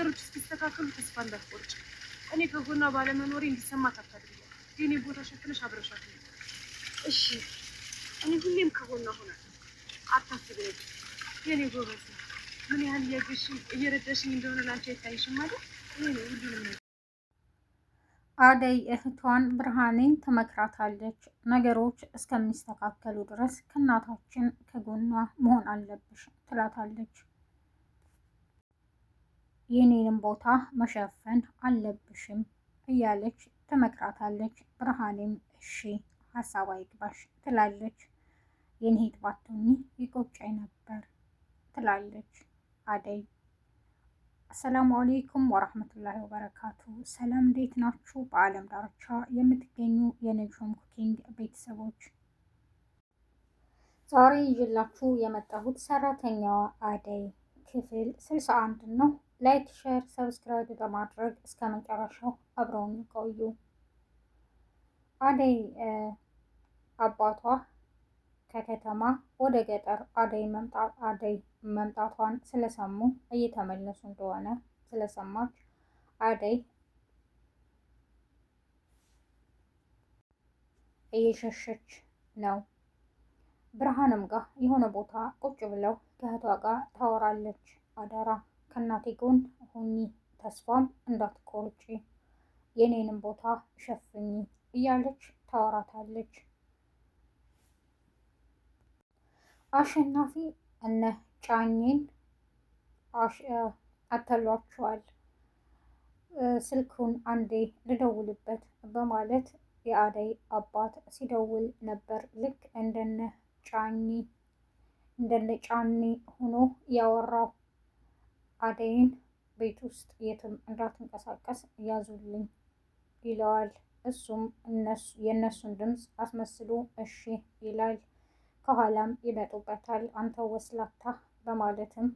ነገሮች እስኪስተካከሉ ተስፋ እንዳትቆርጭ። እኔ ከጎና ባለመኖሬ እንዲሰማት አታድርጊ። የኔ ቦታ ሸፍነሽ አብረሻት ነው እሺ? እኔ ሁሌም ሆነ ሆናለሁ፣ አታስቢ። የኔ ጎበዝ፣ ምን ያህል እያገሽ እየረዳሽኝ እንደሆነ ላንቺ አይታይሽም አይደል? እኔ ነው ሁሉንም ነገር አደይ እህቷን ብርሃኔን ትመክራታለች። ነገሮች እስከሚስተካከሉ ድረስ ከእናታችን ከጎኗ መሆን አለብሽ ትላታለች። የኔንም ቦታ መሸፈን አለብሽም እያለች ትመክራታለች። ብርሃኔም እሺ ሀሳብ አይግባሽ ትላለች። የኔሄት ባትሆኚ ይቆጨኝ ነበር ትላለች አደይ። አሰላሙ አሌይኩም ወራህመቱላሂ ወበረካቱ። ሰላም እንዴት ናችሁ? በአለም ዳርቻ የምትገኙ የነጆም ኩኪንግ ቤተሰቦች ዛሬ ይዤላችሁ የመጣሁት ሰራተኛዋ አደይ ክፍል ስልሳ አንድ ነው። ላይክ፣ ሼር፣ ሰብስክራይብ በማድረግ እስከ መጨረሻው አብረውን ቆዩ። አደይ አባቷ ከከተማ ወደ ገጠር አደይ መምጣት አደይ መምጣቷን ስለሰሙ እየተመለሱ እንደሆነ ስለሰማች አደይ እየሸሸች ነው። ብርሃንም ጋር የሆነ ቦታ ቁጭ ብለው ከእህቷ ጋር ታወራለች። አደራ ከእናቴ ጎን ሁኚ፣ ተስፋም እንዳትቆርጪ፣ የኔንም ቦታ ሸፍኚ እያለች ታወራታለች። አሸናፊ እነ ጫኝን አተሏቸዋል። ስልኩን አንዴ ልደውልበት በማለት የአደይ አባት ሲደውል ነበር። ልክ እንደነ ጫኒ እንደነ ጫኒ ሆኖ ያወራው አደይን ቤት ውስጥ የትም እንዳትንቀሳቀስ ያዙልኝ ይለዋል። እሱም የእነሱን ድምፅ አስመስሎ እሺ ይላል። ከኋላም ይመጡበታል። አንተ ወስላታ በማለትም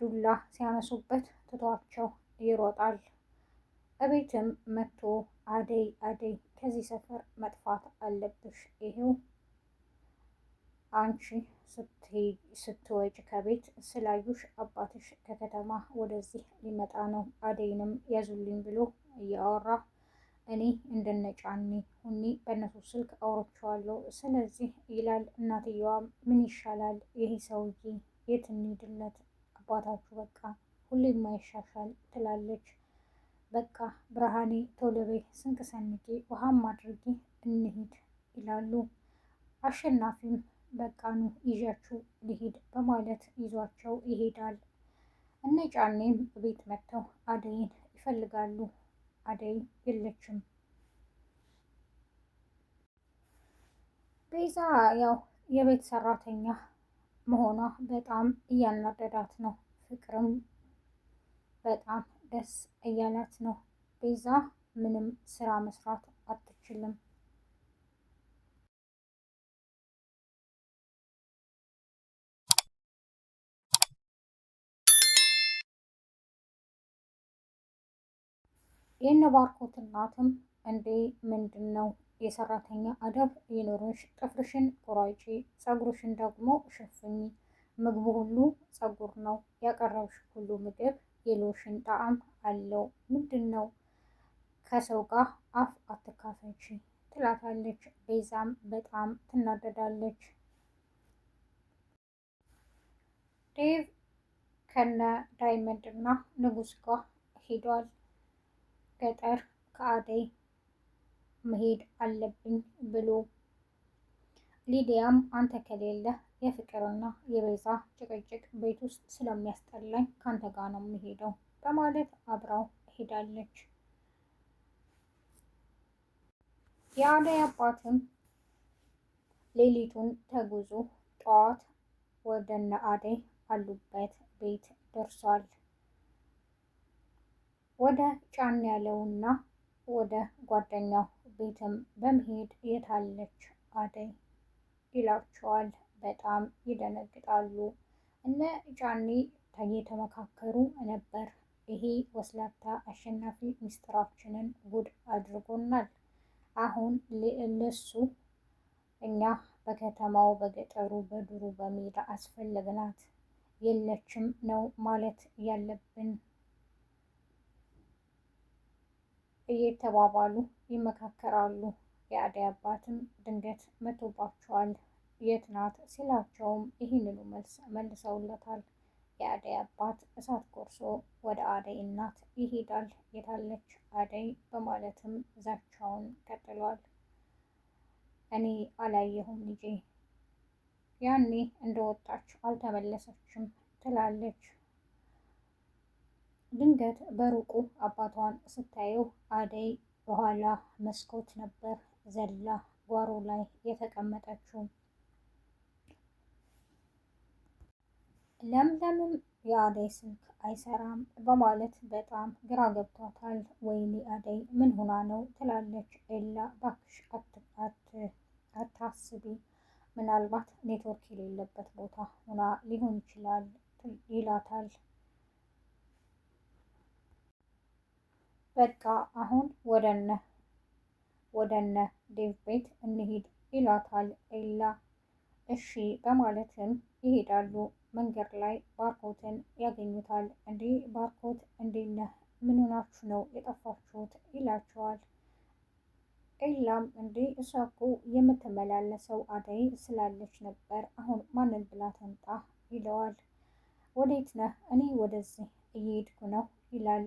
ዱላ ሲያነሱበት ትቷቸው ይሮጣል። እቤትም መጥቶ አደይ አደይ ከዚህ ሰፈር መጥፋት አለብሽ፣ ይሄው አንቺ ስትወጭ ከቤት ስላዩሽ አባትሽ ከከተማ ወደዚህ ሊመጣ ነው አደይንም ያዙልኝ ብሎ እያወራ እኔ እንደነጫኔ ሁኔ በእነሱ ስልክ አውሮቸዋለሁ ስለዚህ ይላል። እናትየዋ ምን ይሻላል ይሄ ሰውዬ የት እንሂድለት አባታችሁ በቃ ሁሌም ማይሻሻል ትላለች። በቃ ብርሃኔ ቶሎቤ ስንቅ ሰንቄ ውሃም አድርጌ እንሂድ ይላሉ። አሸናፊም በቃ ኑ ይዣችሁ ሊሄድ በማለት ይዟቸው ይሄዳል። እነ ጫኔም ቤት መጥተው አደይን ይፈልጋሉ። አደይ የለችም። ቤዛ ያው የቤት ሰራተኛ መሆኗ በጣም እያናደዳት ነው። ፍቅርም በጣም ደስ እያላት ነው። ቤዛ ምንም ስራ መስራት አትችልም። የእነ ባርኮት እናትም እንዴ ምንድን ነው የሰራተኛ አደብ ይኖርሽ? ጥፍርሽን ቁራጪ፣ ጸጉርሽን ደግሞ ሸፍኝ ምግቡ ሁሉ ጸጉር ነው፣ ያቀረብሽ ሁሉ ምግብ የሎሽን ጣዕም አለው። ምንድን ነው ከሰው ጋር አፍ አትካፈች ትላታለች። ቤዛም በጣም ትናደዳለች። ዴቭ ከነ ዳይመንድ እና ንጉስ ጋር ሂዷል። ገጠር ከአደይ መሄድ አለብኝ ብሎ ሊዲያም አንተ ከሌለ የፍቅርና የቤዛ ጭቅጭቅ ቤት ውስጥ ስለሚያስጠላኝ ካንተ ጋር ነው የሚሄደው በማለት አብራው ሄዳለች። የአደይ አባትም ሌሊቱን ተጉዞ ጠዋት ወደነ አደይ አሉበት ቤት ደርሷል። ወደ ጫን ያለውና ወደ ጓደኛው ቤትም በመሄድ የታለች አደይ ይላቸዋል። በጣም ይደነግጣሉ። እነ ጫኔ እየተመካከሩ ነበር። ይሄ ወስላታ አሸናፊ ሚስጥራችንን ጉድ አድርጎናል። አሁን ለእነሱ እኛ በከተማው በገጠሩ በዱሩ በሜዳ አስፈለግናት የለችም ነው ማለት ያለብን። እየተባባሉ ይመካከራሉ። የአደይ አባትም ድንገት መቶባቸዋል። የት ናት ሲላቸውም ይህንኑ መልስ መልሰውለታል። የአደይ አባት እሳት ጎርሶ ወደ አደይ እናት ይሄዳል። የታለች አደይ በማለትም ዛቻውን ቀጥሏል። እኔ አላየሁም ልጄ፣ ያኔ እንደወጣች አልተመለሰችም ትላለች። ድንገት በሩቁ አባቷን ስታየው አደይ በኋላ መስኮት ነበር ዘላ ጓሮ ላይ የተቀመጠችው። ለምለምም የአደይ ስልክ አይሰራም በማለት በጣም ግራ ገብቷታል። ወይኔ አደይ ምን ሆና ነው ትላለች። ኤላ ባክሽ አታስቢ፣ ምናልባት ኔትወርክ የሌለበት ቦታ ሆና ሊሆን ይችላል ይላታል። በቃ አሁን ወደነ ወደነ ዴቭ ቤት እንሂድ ይላታል ኤላ። እሺ በማለትም ይሄዳሉ። መንገድ ላይ ባርኮትን ያገኙታል። እንዴ ባርኮት እንዴት ነህ? ምን ሆናችሁ ነው የጠፋችሁት? ይላቸዋል። ኤላም እንዴ እሷ እኮ የምትመላለሰው አደይ ስላለች ነበር፣ አሁን ማንን ብላ ተምጣ ይለዋል። ወዴት ነህ? እኔ ወደዚህ እየሄድኩ ነው ይላል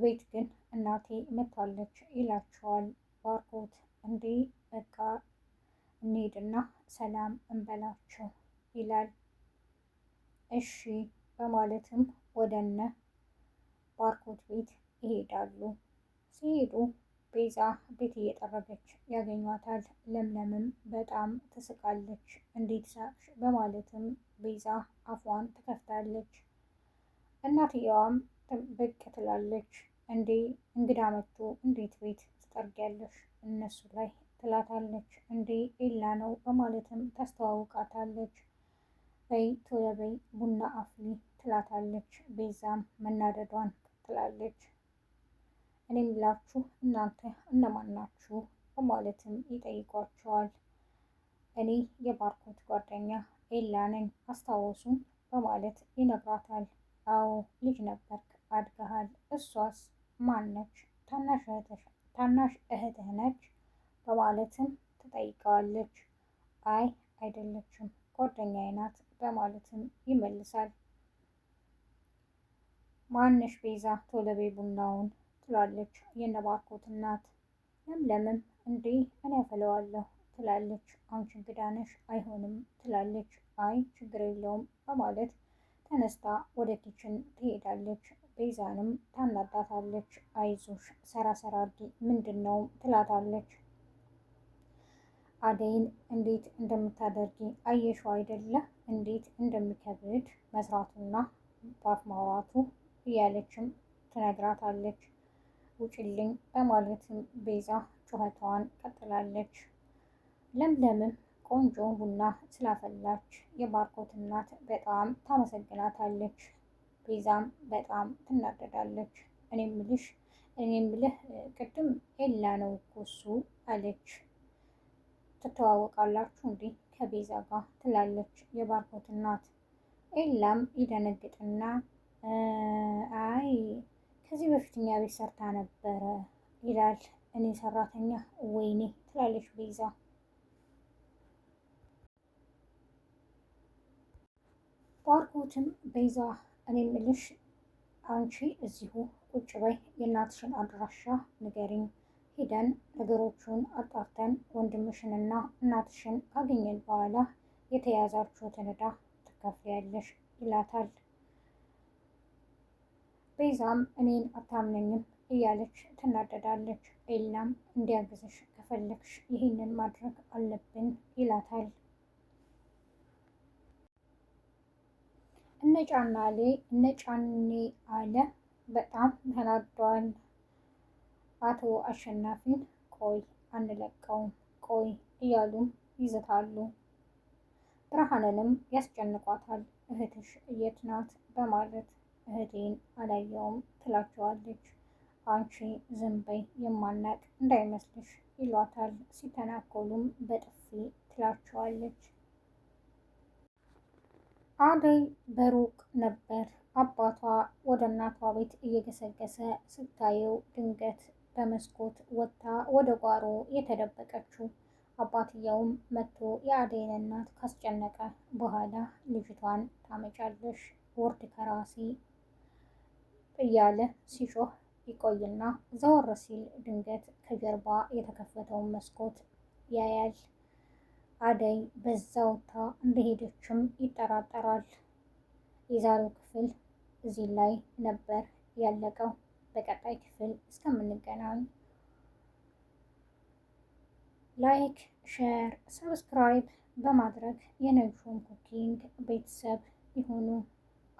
ቤት ግን እናቴ መታለች ይላቸዋል ባርኮት። እንዴ በቃ እንሄድና ሰላም እንበላቸው ይላል። እሺ በማለትም ወደነ ባርኮት ቤት ይሄዳሉ። ሲሄዱ ቤዛ ቤት እየጠረገች ያገኟታል። ለምለምም በጣም ትስቃለች። እንዴት ሳቅሽ? በማለትም ቤዛ አፏን ትከፍታለች። እናትየዋም ብቅ ትላለች። እንዴ እንግዳ መጥቶ እንዴት ቤት ትጠርጊያለሽ እነሱ ላይ ትላታለች። እንዴ ኤላ ነው በማለትም ታስተዋውቃታለች። በይ ቶሎ በይ ቡና አፍሊ ትላታለች። ቤዛም መናደዷን ትላለች። እኔም ላችሁ እናንተ እነማን ናችሁ በማለትም ይጠይቋቸዋል። እኔ የባርኮት ጓደኛ ኤላ ነኝ አስታወሱ በማለት ይነግራታል። አዎ ልጅ ነበር እሷስ ማን ነች? ታናሽ እህትህ ነች? በማለትም ትጠይቀዋለች። አይ አይደለችም፣ ጓደኛዬ ናት በማለትም ይመልሳል። ማንሽ ቤዛ ቶለቤ ቡናውን ትላለች የነባርኮት እናት። ለምለምም እንዴ እኔ ያፈለዋለሁ ትላለች። አንቺ እንግዳ ነሽ አይሆንም ትላለች። አይ ችግር የለውም በማለት ተነስታ ወደ ኪችን ትሄዳለች። ቤዛንም ታናዳታለች። አይዞሽ ሰራ ሰራ አድርጊ ምንድን ነው ትላታለች። አደይን እንዴት እንደምታደርጊ አየሽው አይደለ እንዴት እንደሚከብድ መስራቱና ባፍ ማውራቱ እያለችም ትነግራታለች። ውጭልኝ በማለትም ቤዛ ጩኸቷን ቀጥላለች። ለምለምም ቆንጆ ቡና ስላፈላች የባርኮት እናት በጣም ታመሰግናታለች። ቤዛም በጣም ትናደዳለች። እኔ ምልሽ እኔ ምልህ ቅድም ኤላ ነው እኮ እሱ አለች። ትተዋወቃላችሁ እንዴ ከቤዛ ጋር ትላለች የባርኮት እናት። ኤላም ይደነግጥና አይ ከዚህ በፊት እኛ ቤት ሰርታ ነበረ ይላል። እኔ ሰራተኛ ወይኔ ትላለች ቤዛ። ባርኮትም ቤዛ እኔ ምልሽ አንቺ እዚሁ ቁጭ በይ፣ የእናትሽን አድራሻ ንገሪኝ፣ ሄደን ነገሮቹን አጣርተን ወንድምሽንና እናትሽን ካገኘን በኋላ የተያዛችሁትን ዕዳ ትከፍያለሽ ይላታል። ቤዛም እኔን አታምነኝም እያለች ትናደዳለች። ኤላም እንዲያግዝሽ ከፈለግሽ ይህንን ማድረግ አለብን ይላታል። እነ ጫና ሌ እነ ጫኔ አለ በጣም ተናዷል። አቶ አሸናፊን ቆይ አንለቀውም፣ ቆይ እያሉም ይዘታሉ። ብርሃንንም ያስጨንቋታል። እህትሽ የት ናት በማለት እህቴን አላየውም ትላቸዋለች። አንቺ ዝም በይ የማናቅ እንዳይመስልሽ ይሏታል። ሲተናኮሉም በጥፊ ትላቸዋለች። አደይ በሩቅ ነበር አባቷ ወደ እናቷ ቤት እየገሰገሰ ስታየው ድንገት በመስኮት ወጥታ ወደ ጓሮ የተደበቀችው። አባትየውም መጥቶ የአደይን እናት ካስጨነቀ በኋላ ልጅቷን ታመጫለሽ፣ ውርድ ከራሲ እያለ ሲጮህ ይቆይና ዘወር ሲል ድንገት ከጀርባ የተከፈተውን መስኮት ያያል። አደይ በዛ ወታ እንደሄደችም ይጠራጠራል። የዛሬው ክፍል እዚህ ላይ ነበር ያለቀው። በቀጣይ ክፍል እስከምንገናኝ ላይክ፣ ሼር፣ ሰብስክራይብ በማድረግ የነጆን ኩኪንግ ቤተሰብ ይሁኑ።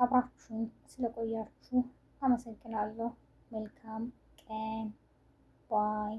አብራችሁን ስለቆያችሁ አመሰግናለሁ። መልካም ቀን ባይ